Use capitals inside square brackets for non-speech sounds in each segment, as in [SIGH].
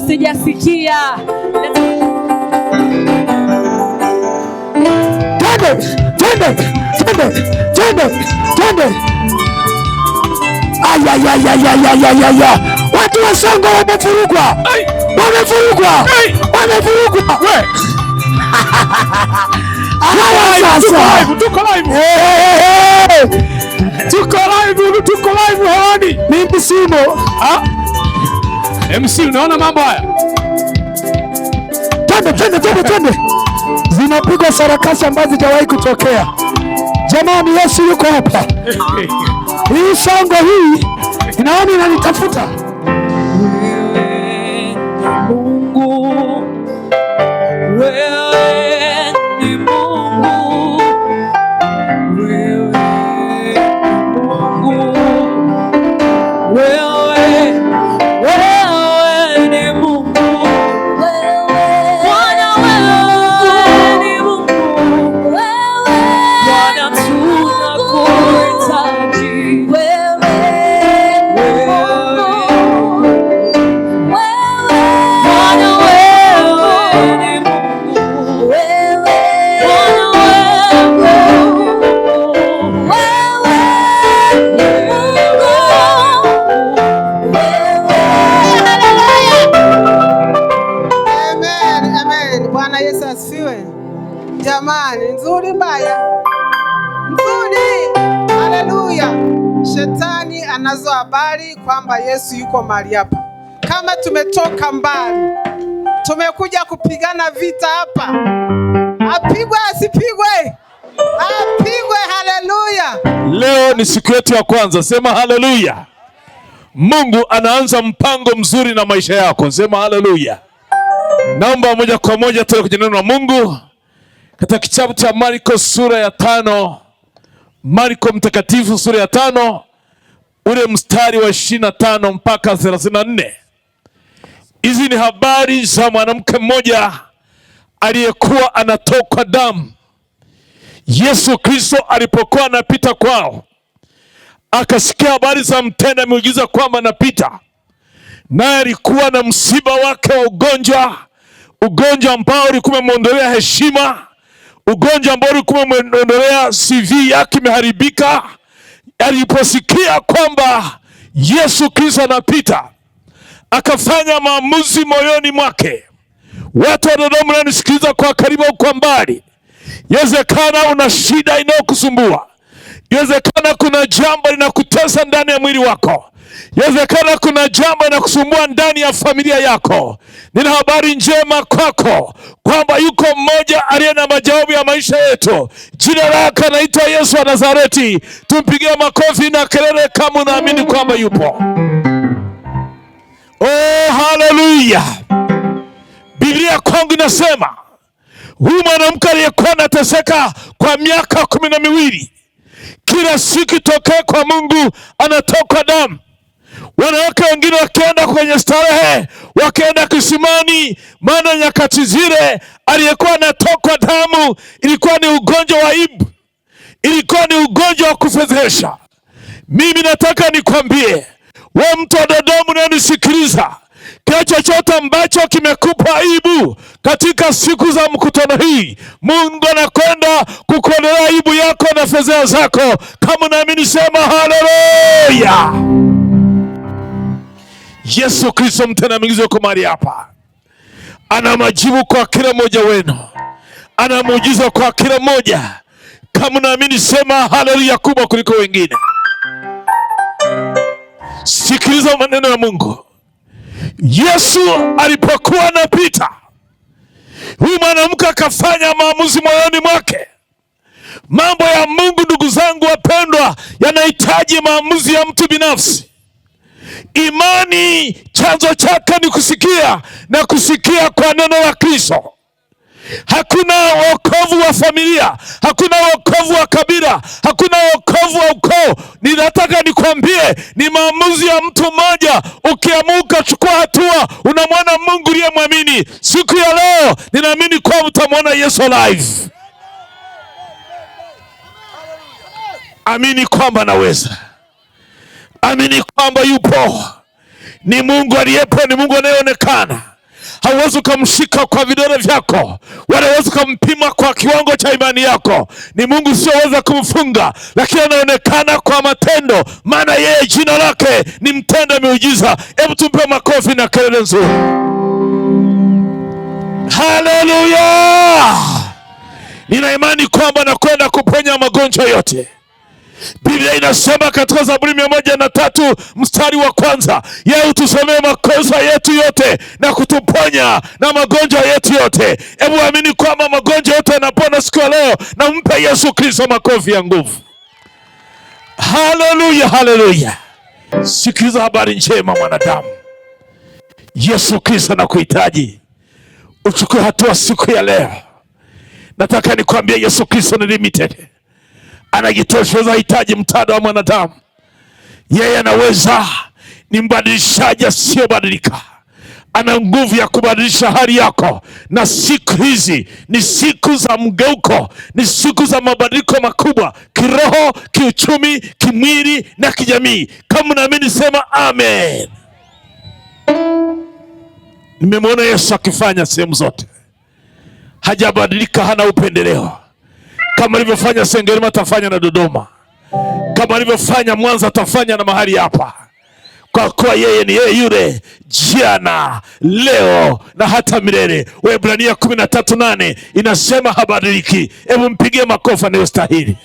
kabla sijasikia watu wa Songo wamefurugwa, wamefurugwa, wamefurugwa. tuko live hewani. Mimi simo MC, unaona mambo haya? Twende, twende, twende, twende. Zinapigwa sarakasi ambazo zijawahi kutokea. Jamani, Yesu yuko hapa. [LAUGHS] Hii songo hii inaona inanitafuta Shetani anazo habari kwamba Yesu yuko mahali hapa. Kama tumetoka mbali, tumekuja kupigana vita hapa, apigwe asipigwe, apigwe. Haleluya! Leo ni siku yetu ya kwanza, sema haleluya. Mungu anaanza mpango mzuri na maisha yako, sema haleluya. Naomba moja kwa moja tuwe kwenye neno la Mungu katika kitabu cha Marko sura ya tano, Marko mtakatifu sura ya tano ule mstari wa ishirini na tano mpaka thelathini na nne. Hizi ni habari za mwanamke mmoja aliyekuwa anatokwa damu. Yesu Kristo alipokuwa anapita kwao, akasikia habari za mtenda miujiza kwamba anapita naye, alikuwa na msiba wake wa ugonjwa, ugonjwa ambao ulikuwa umemwondolea heshima, ugonjwa ambao ulikuwa umemwondolea CV yake imeharibika aliposikia kwamba Yesu Kristo anapita akafanya maamuzi moyoni mwake. Watu wa Dodoma, unanisikiliza kwa karibu, kwa mbali, yawezekana una shida inayokusumbua Iwezekana kuna jambo linakutesa ndani ya mwili wako. Yawezekana kuna jambo linakusumbua ndani ya familia yako. Nina habari njema kwako kwamba yuko mmoja aliye na majawabu ya maisha yetu. Jina lake anaitwa Yesu wa Nazareti. Tumpigie makofi na kelele kama unaamini kwamba yupo. Oh, haleluya! Biblia kwangu inasema huyu mwanamke aliyekuwa anateseka kwa miaka kumi na miwili kila siku tokee kwa Mungu anatoka damu. Wanawake wengine wakienda kwenye starehe, wakienda kisimani, maana nyakati zile aliyekuwa anatokwa damu ilikuwa ni ugonjwa wa ibu, ilikuwa ni ugonjwa wa kufedhesha. Mimi nataka nikwambie we mtu wa Dodomu unanisikiliza, kile chochote ambacho kimekupa aibu katika siku za mkutano hii, Mungu anakwenda kukuondolea aibu yako na fedheha zako. Kama unaamini sema haleluya. Yesu Kristo mtenda mwigizo yuko mahali hapa, ana majibu kwa kila mmoja wenu, ana muujiza kwa kila mmoja. Kama unaamini sema haleluya kubwa kuliko wengine. Sikiliza maneno ya Mungu. Yesu alipokuwa anapita, huyu mwanamke akafanya maamuzi moyoni mwake. Mambo ya Mungu, ndugu zangu wapendwa, yanahitaji maamuzi ya mtu binafsi. Imani chanzo chake ni kusikia na kusikia kwa neno la Kristo. Hakuna wokovu wa familia, hakuna wokovu wa kabila, hakuna wokovu wa ukoo. Ninataka nikwambie ni maamuzi ya mtu mmoja. Ukiamua ukachukua hatua, unamwona Mungu mwamini Siku ya leo ninaamini kuwa utamwona Yesu alive. Amini kwamba naweza, amini kwamba yupo. Ni Mungu aliyepo, ni Mungu anayeonekana hauwezi ukamshika kwa vidole vyako, wala hauwezi ukampima kwa kiwango cha imani yako. Ni Mungu usioweza kumfunga, lakini anaonekana kwa matendo, maana yeye jina lake ni mtenda miujiza. Hebu tumpe makofi na kelele nzuri. Haleluya! Nina imani kwamba nakwenda kuponya magonjwa yote Biblia inasema katika Zaburi mia moja na tatu mstari wa kwanza, yeye hutusamee makosa yetu yote na kutuponya na magonjwa yetu yote. Hebu amini kwamba magonjwa yote yanapona siku ya leo, na mpe Yesu Kristo makofi ya nguvu. Haleluya, haleluya! Sikiliza habari njema, mwanadamu. Yesu Kristo anakuhitaji uchukue hatua siku ya leo. Nataka nikwambie, Yesu Kristo ni limited anajitosheza hitaji mtada wa mwanadamu. Yeye anaweza, ni mbadilishaji asiyobadilika ana nguvu ya kubadilisha hali yako, na siku hizi ni siku za mgeuko, ni siku za mabadiliko makubwa kiroho, kiuchumi, kimwili na kijamii. Kama naamini sema amen. Nimemwona Yesu akifanya sehemu zote, hajabadilika, hana upendeleo kama alivyofanya Sengerema atafanya na Dodoma, kama alivyofanya Mwanza atafanya na mahali hapa, kwa kuwa yeye ni yeye yule jana leo na hata milele. Waebrania kumi na tatu nane inasema habadiliki. Hebu mpigie makofi anayostahili.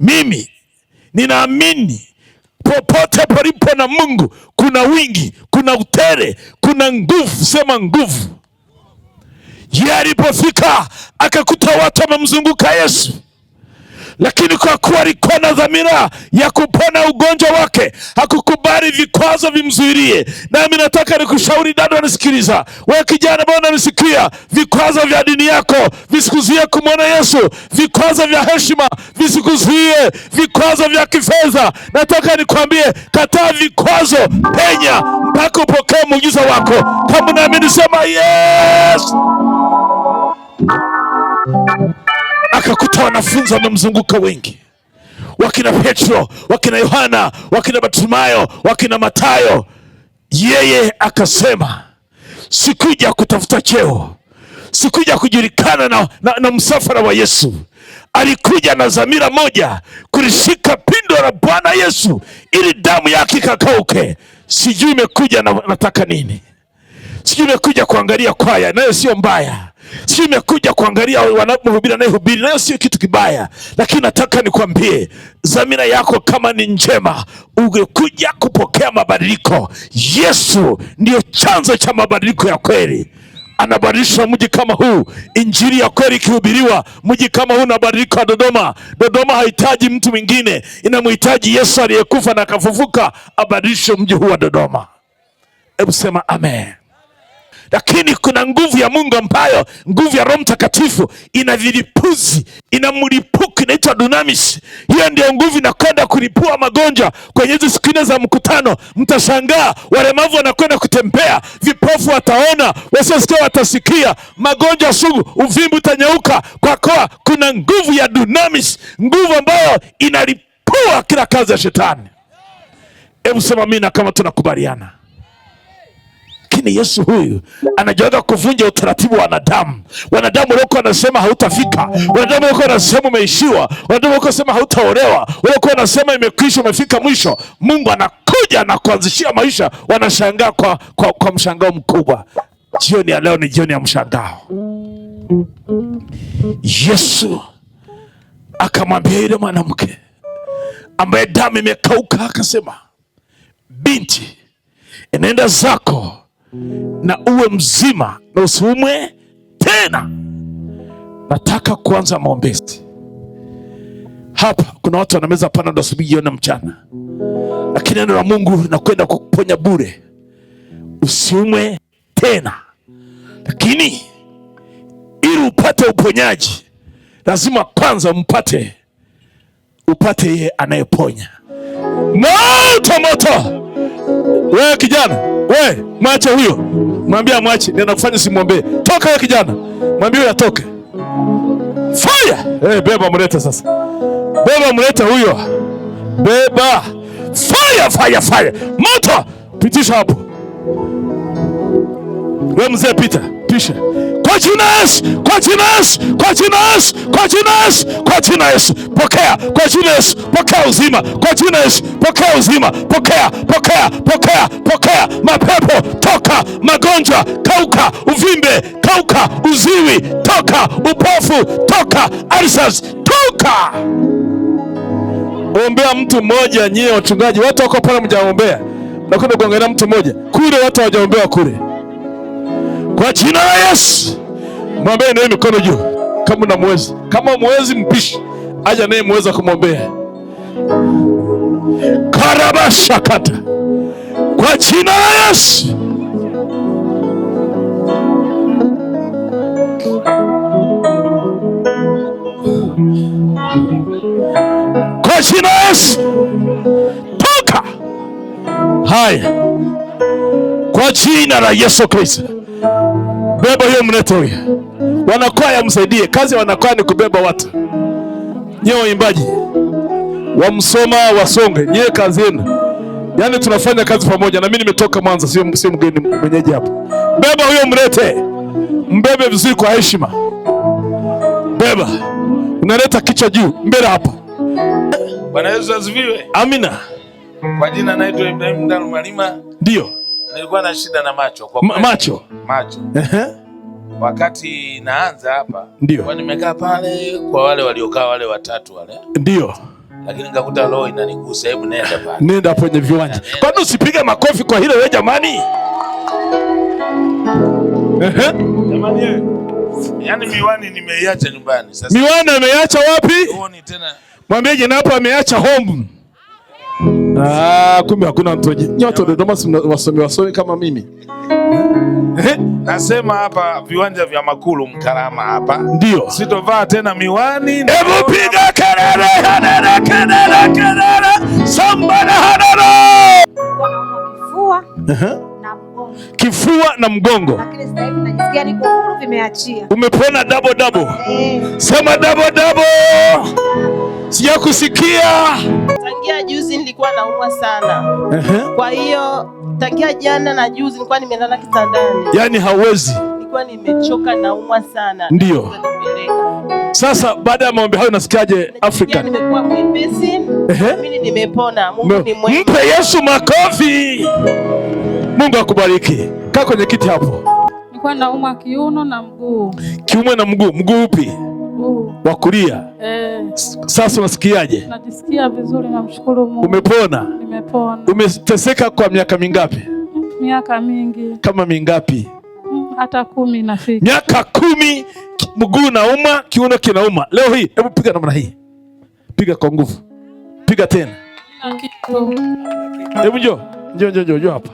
Mimi ninaamini popote palipo na Mungu kuna wingi, kuna utere, kuna nguvu. Sema nguvu Njia alipofika akakuta watu wamemzunguka Yesu lakini kwa kuwa alikuwa na dhamira ya kupona ugonjwa wake hakukubali vikwazo vimzuirie. Nami nataka nikushauri dada, nisikiliza wewe kijana ambaye unanisikia, vikwazo vya dini yako visikuzuie kumwona Yesu, vikwazo vya heshima visikuzuie, vikwazo vya kifedha. Nataka nikwambie, kataa vikwazo, penya mpaka upokee muujiza wako. Kama unaamini sema yes akakuta wanafunzi wamemzunguka wengi, wakina Petro, wakina Yohana, wakina Bartimayo, wakina Matayo. Yeye akasema sikuja kutafuta cheo, sikuja kujulikana na, na, na msafara wa Yesu. Alikuja na dhamira moja, kulishika pindo la Bwana Yesu ili damu yake ikakauke. Sijui imekuja na nataka nini, sijui imekuja kuangalia kwaya, nayo sio mbaya si imekuja kuangalia wanavyohubiri anayehubiri, nayo sio kitu kibaya, lakini nataka nikwambie dhamira yako kama ni njema, ungekuja kupokea mabadiliko. Yesu ndiyo chanzo cha mabadiliko ya kweli. Anabadilisha mji kama huu. Injili ya kweli ikihubiriwa, mji kama huu unabadilika. Dodoma, Dodoma hahitaji mtu mwingine, inamhitaji Yesu aliyekufa na akafufuka abadilishe mji huu wa Dodoma. Hebu sema amen lakini kuna nguvu ya Mungu ambayo nguvu ya Roho Mtakatifu ina vilipuzi, ina mlipuko, inaitwa dunamis. Hiyo ndio nguvu inakwenda kulipua magonjwa kwenye hizi skrini za mkutano. Mtashangaa walemavu wanakwenda kutembea, vipofu wataona, wasiosikia watasikia, magonjwa sugu, uvimbe utanyauka kwa koa. Kuna nguvu ya dunamis, nguvu ambayo inalipua kila kazi ya shetani. Hebu sema mina kama tunakubaliana. Lakini Yesu huyu anajiweka kuvunja utaratibu wa wanadamu. Wanadamu waliokuwa wanasema hautafika, wanadamu waliokuwa wanasema umeishiwa, wanadamu waliokuwa wanasema hautaolewa, waliokuwa wanasema imekwisha, umefika mwisho. Mungu anakuja na kuanzishia maisha, wanashangaa kwa, kwa, kwa mshangao mkubwa. Jioni ya leo ni jioni ya mshangao. Yesu akamwambia yule mwanamke ambaye damu imekauka, akasema, binti, enenda zako na uwe mzima na usiumwe tena. Nataka kuanza maombezi hapa. Kuna watu wanameza panado asubuhi, jioni, mchana, lakini neno la Mungu linakwenda kukuponya bure. Usiumwe tena, lakini ili upate uponyaji lazima kwanza mpate upate yeye anayeponya. Moto moto wewe kijana, we mwache huyo, mwambie mwache, ninakufanya simwombee. Toka wewe kijana, mwambie huyo atoke. Fire! Hey, beba mlete sasa, beba mlete huyo, beba. Fire, fire, fire, moto! Pitisha hapo, we mzee, pita usitishe kwa jina Yesu, kwa jina Yesu, kwa jina Yesu, kwa jina Yesu, kwa jina Yesu, pokea kwa jina Yesu, pokea uzima kwa jina Yesu, pokea uzima, pokea, pokea, pokea, pokea, mapepo toka, magonjwa kauka, uvimbe kauka, uziwi toka, upofu toka, alsas toka. Ombea mtu mmoja, nyie wachungaji, watu wako pale mjaombea, mnakwenda kuangalia mtu mmoja kule, watu hawajaombewa kule kwa jina la Yesu. Mwambie naye mikono juu kama unamweza, kama mwezi mpishi aja naye mweza kumwombea karabashakata kwa jina la Yesu. Kwa jina la Yesu. Toka. Haya. Kwa jina la Yesu Kristo. Nyie mlete huyu. Wanakwaya msaidie. Kazi ya wanakwaya ni kubeba watu. Nyie waimbaji wamsoma wasonge, nyie kazi yenu. Yaani tunafanya kazi pamoja, na mimi nimetoka Mwanza, sio sio mgeni mwenyeji hapa. Beba huyo, mlete, mbebe vizuri kwa heshima. Beba, unaleta kichwa juu mbele hapa. Bwana Yesu asifiwe. Amina. Kwa jina naitwa Ibrahim Ndalu Malima. Ndio. Nilikuwa na shida na macho kwa macho. Macho wakati naanza hapa ndio nimekaa pale kwa wale waliokaa wale watatu wale ndio lakini nikakuta roho inanigusa, hebu nenda pale, nenda kwenye viwanja. Kwani usipige makofi kwa hilo wewe jamani? Ehe, jamani, eh. yani miwani nimeiacha nyumbani sasa. Miwani ameacha wapi? mwambie jina ameacha home. Ah, kumbe hakuna mtu nyote Dodoma wasomi wasomi kama mimi. Eh? Nasema hapa viwanja vya Makulu Mkarama hapa. Ndio. Sitovaa tena miwani. Hebu piga kelele hanara kelele kelele. Samba na Kifua. Na mgongo. Kifua na mgongo. Umepona double double. Eh. Sema double double. Sijakusikia tangia juzi nilikuwa naumwa sana. Uh-huh. Kwa hiyo tangia jana na juzi nilikuwa nimelala kitandani, yaani hauwezi. Nilikuwa nimechoka naumwa sana. Ndio. Sasa baada ya maombi hayo nasikiaje Afrika? Nimekuwa mwepesi. Mimi nimepona. Mungu ni mwema. Mpe Yesu makofi. Mungu akubariki. Kaa kwenye kiti hapo. Nilikuwa naumwa kiuno na mguu. kiume na mguu. Mguu upi? mguu wa kulia eh. Sasa unasikiaje? Najisikia vizuri, namshukuru Mungu. Umepona? Nimepona. Umeteseka kwa miaka mingapi? Miaka mingi. Kama mingapi? Mm, hata kumi nafika. Miaka kumi, mguu nauma, kiuno kinauma. Leo hii hebu piga namna hii, piga kwa nguvu, piga tena. Hebu njoo njoo njoo njoo hapa,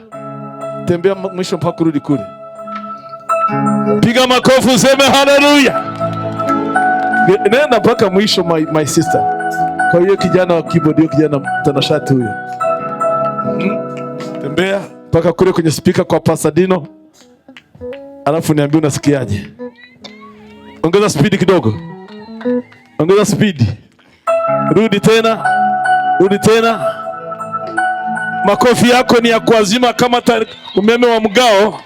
tembea mwisho mpaka kurudi kule. Piga makofi, useme haleluya nenda mpaka mwisho my, my sister. Kwa hiyo kijana wa keyboard, hiyo kijana mtanashati huyo, hmm? tembea mpaka kule kwenye spika kwa Pasadino, alafu niambie unasikiaje. Ongeza spidi kidogo, ongeza spidi, rudi tena, rudi tena. Makofi yako ni ya kuazima kama umeme wa mgao.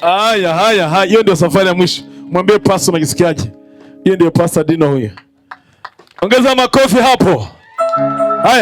Haya, haya, haya, hiyo ndio safari ya mwisho. Mwambie pasta unajisikiaje? Hiyo ndio pasta Dino huyo. Ongeza makofi hapo. Haya,